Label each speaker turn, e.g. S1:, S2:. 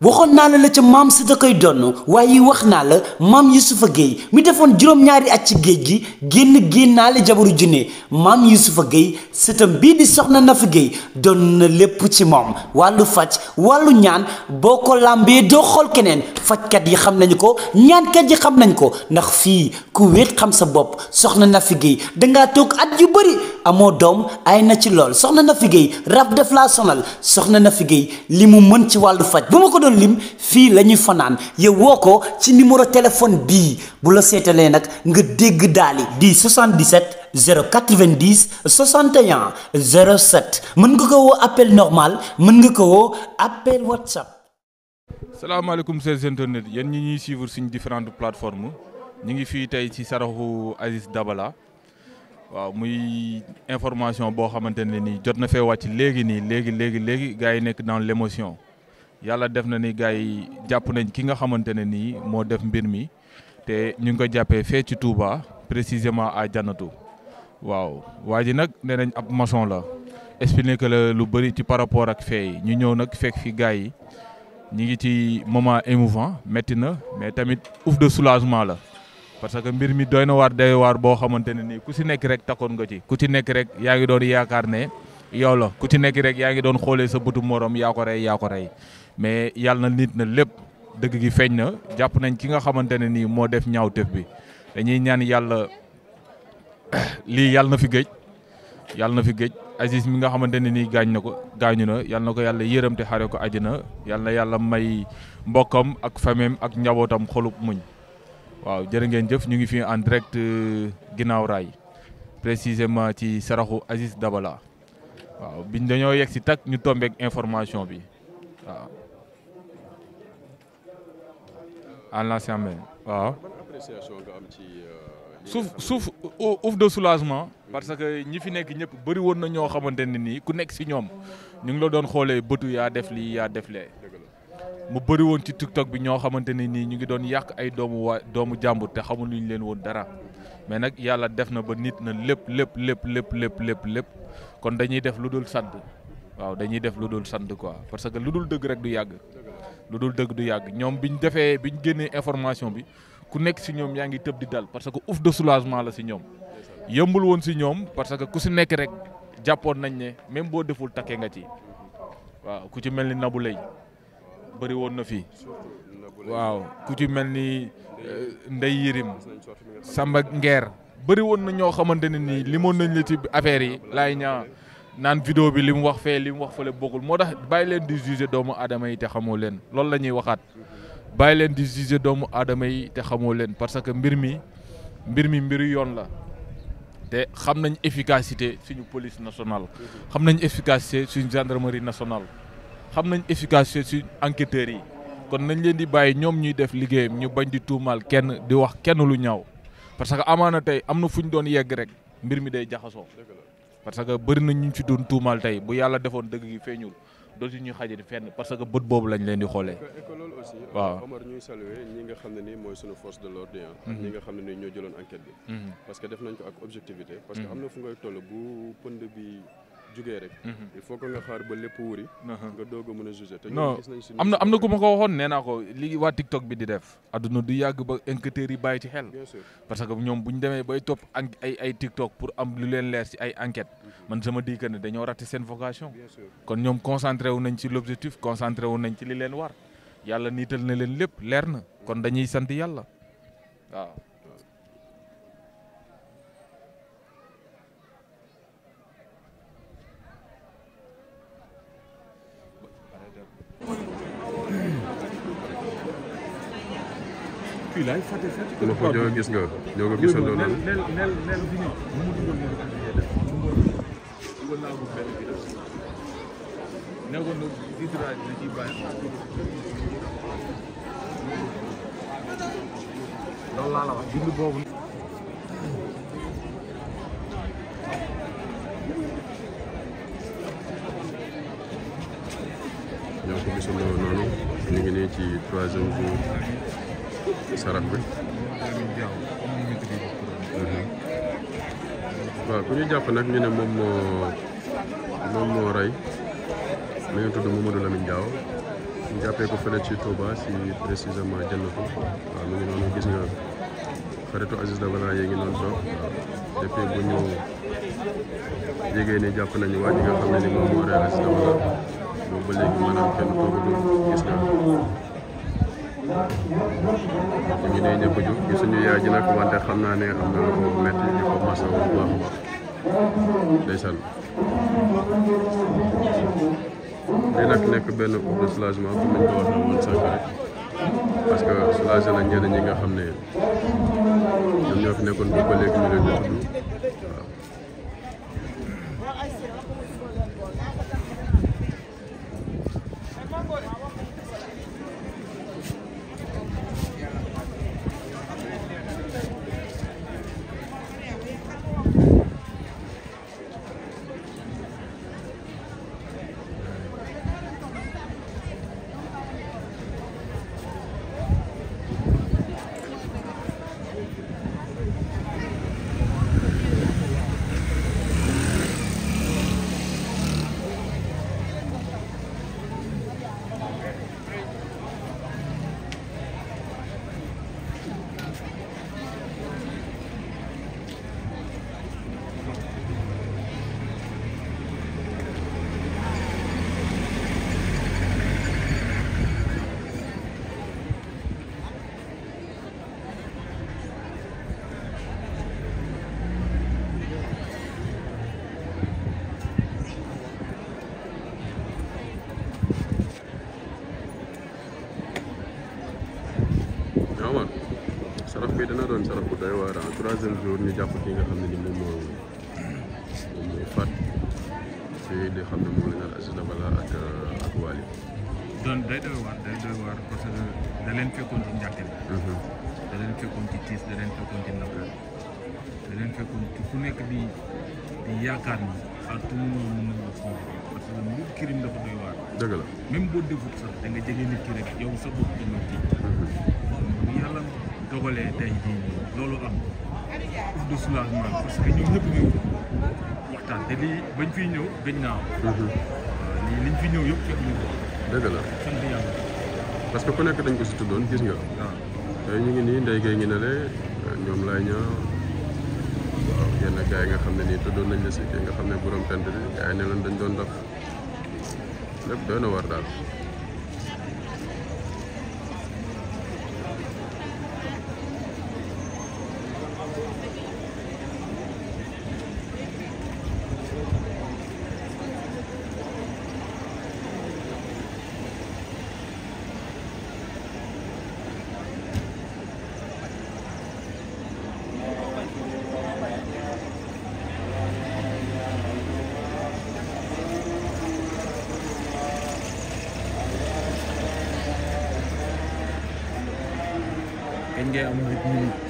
S1: waxoon naa la la ca maam si da koy donn waaye wax naa la maam Yusufa géey mi defoon juróom-ñaari at ci géej gi génn génnaale jabaru junne maam a Gueye sëtam bii di soxna Nafi géey doon na lépp ci moom wàllu faj wàllu ñaan boo ko làmbee doo xool keneen fajkat yi xam nañu ko ñaankat yi xam nañ ko ndax fii ku wéet xam sa bopp soxna Nafi Guèye dangaa toog at yu bëri amoo doom ay na ci lool soxna Nafi rab def laa sonal soxna Nafi Guèye li mu mën ci wàllu faj bu ma ko doon lim fii la ñuy fanaan yow woo ko ci numéro téléphone bii bu la seetalee nag nga dégg daali di 77 090 61 07 mën nga ko woo appel normal mën nga ko woo appel whatsapp
S2: salaamaaleykum chers internautes yéen ñi ñuy suivre suñu différentes plateformes ñu ngi fii tey ci saraxu Aziz Dabala waaw muy information boo xamante ne nii jot na fee wàcc léegi nii léegi léegi léegi gars yi nekk dans l'émotion yàlla def na ni gars yi jàpp nañ ki nga xamante ne nii moo def mbir mi te ñu ngi ko jàppee fee ci Touba précisément à Janatu waaw waa ji nag nee nañ ab maçon la expliqué la lu bëri ci par rapport ak fee ñu ñëw nag fekk fi gars yi. ñi ngi ci moment émouvant métti na mais tamit ouf de soulagement la parce que mbir mi doy na waar doy waar boo xamante ne nii ku si nekk rek takkoon nga ci ku ci nekk rek yaa ngi doon yaakaar ne yow la ku ci nekk rek yaa ngi doon xoolee sa bëtu morom yaa ko rey yaa rey mais yàlla na nit na lépp dëgg gi feeñ na jàpp nañ ki nga xamante ne nii moo def ñaaw ñaawteef bi dañuy ñaan yàlla lii yàlla na fi gëj. yàlla na fi géej Aziz mi nga xamante ne nii gaañ na ko gaañu na yàlla na ko yàlla yërëm xare ko àjjana yàlla na yàlla may mbokkam ak famem ak njabootam xolub muñ waaw jër ngeen jëf ñu ngi fi en direct euh, ginnaaw raay précisément ci saraxu Aziz Dabala waaw biñ ñoo yegg si takk ñu tombeek information bi waaw en suuf suuf ouf de soulagement parce que ñi fi nekk ñëpp bëri woon na ñoo xamante ne nii ku nekk si ñoom ñu ngi la doon xoolee bëtu yaa def lii yaa def lee mu bëri woon ci tiktok bi ñoo xamante ne nii ñu ngi doon yàq ay doomu doomu jàmbur te xamul ñu leen woon dara mais nag yàlla def na ba nit na lépp lépp lépp lépp lépp lépp lépp kon dañuy def lu dul sant waaw dañuy def lu dul sant quoi parce que lu dul dëgg rek du yàgg lu dul dëgg du yàgg ñoom biñ defee biñ génnee information bi ku nekk si ñoom yaa ngi tëb di dal parce que ouf de soulagement la si ñoom yëmbul woon si ñoom parce que ku si nekk rek jàppoon nañ ne même boo deful takkee nga ci waaw ku ci mel ni Nabou Leye bëri woon na fii waaw ku ci mel ni euh, Ndey Yirim Samba Nguer bëri woon na ñoo xamante ne nii limoon nañ la ci affaire yi laay ñaa naan vidéo bi li mu wax fee li mu wax fële bokkul moo tax bàyyi leen di juger doomu aadama yi te xamoo leen loolu la ñuy waxaat bàyyi leen di juger doomu aadama yi te xamoo leen parce que mbir mi mbir mi mbiru yoon la te xam nañ efficacité suñu police nationale. xam nañ efficacité suñu gendarmerie nationale. xam nañ efficacité suñu enquêteurs yi kon nañ leen di bàyyi ñoom ñuy def liggéeyam ñu bañ di tuumaal kenn di wax kenn lu ñaaw parce que amaana tey am na fu ñu doon yegg rek mbir mi day jaxasoo. parce que bëri na ñu fi doon tuumaal tey bu yàlla defoon dëgg gi feeñul. dootu ñu xajati fenn parce que bët boobu lañ leen di xoolee.
S1: loolu ñuy saluer ñi nga xam ne nii mooy suñu force de l'ordre ak ah. mhm. ñi nga xam ne nii ñoo jëloon enquête bi. Mhm. parce que def nañ ko ak objectivité. parce que mhm. am na fu ngay toll bu pënd bi jugee rek. Mhm. lépp wuri uh-huh. nga am na am na ku ko
S2: waxoon nee naa ko li waa TikTok bi di def. adduna du yàgg ba enquêteurs yi bàyyi ci xel. parce que ñoom bu ñu demee bay topp ay ay TikTok pour am lu leen leer ci ay enquete mhm. man sama di que ne dañoo raté seen vocation. kon ñoom concentré wu nañ ci l'objectif concentré wu nañ ci li leen war. yàlla niital na leen lépp leer na. kon dañuy sant yàlla waaw. laay fàtte fàtte.
S1: gis nga ñoo ngi gisandoo loolu.
S2: neel neel neel bi ñëw sarax bi. Mhm.
S1: waaw ku ñu jàpp nag ñu ne moom moo moom moo rey mi ngi tudd Mamadou Lamine Diaw ñu jàppee ko fële ci Touba si précisément jënd ko waaw mi ngi noonu gis nga xaritu Aziz Dabala yee noonu toog waaw depuis bu ñu yégee ni jàpp nañu waa ji nga xam ne ni moom moo rey Aziz Dabala boobu ba léegi maanaam kenn toogagul gis nga. ñu day ñëpp jug gi suñu yaay ji nag wante xam naa ne am na lu ko métti di ko masawu bu baax a baax nekk benn de soulagement comme ni ñu ko waxee woon sànq rek parce que soulagé na ñeneen ñi nga xam ne ñoom ñoo fi nekkoon ba léegi ñu leen di tudd saraf bi dana doon saraf bu doy waar en ah. troisième jour jàpp ki nga xam ne ni moom moo moom mooy faat ci li xam ne moom la ñu naan Bala ak ah, ak Wally.
S2: doon day doy waar day doy waar parce que da fekkoon ci njàqin. Mhm. da fekkoon ci tiis da fekkoon ci naqar da fekkoon ci ku nekk di di yaakaar ni à tout moment mën na la parce que mbiru kirim dafa doy waar. dëgg la même boo defut sax da jege nit yow sa bopp dina tiit. Mhm. dogalee tey jii loolu am de soulagement parce fiy ñëw gëj naa mhm. euh, lii fi ñëw la
S1: parce que ku nekk dañ ko si tuddoon gis nga ah. ngi nii ndey gay ngi ne le ñoom laay ña waaw yenn gars yi nga xam ne nii tuddoon nañ la si kii nga xam ne borom tent bi gars yi ne leen dañ doon daf lépp doy na war daal
S2: ngay am nit ñi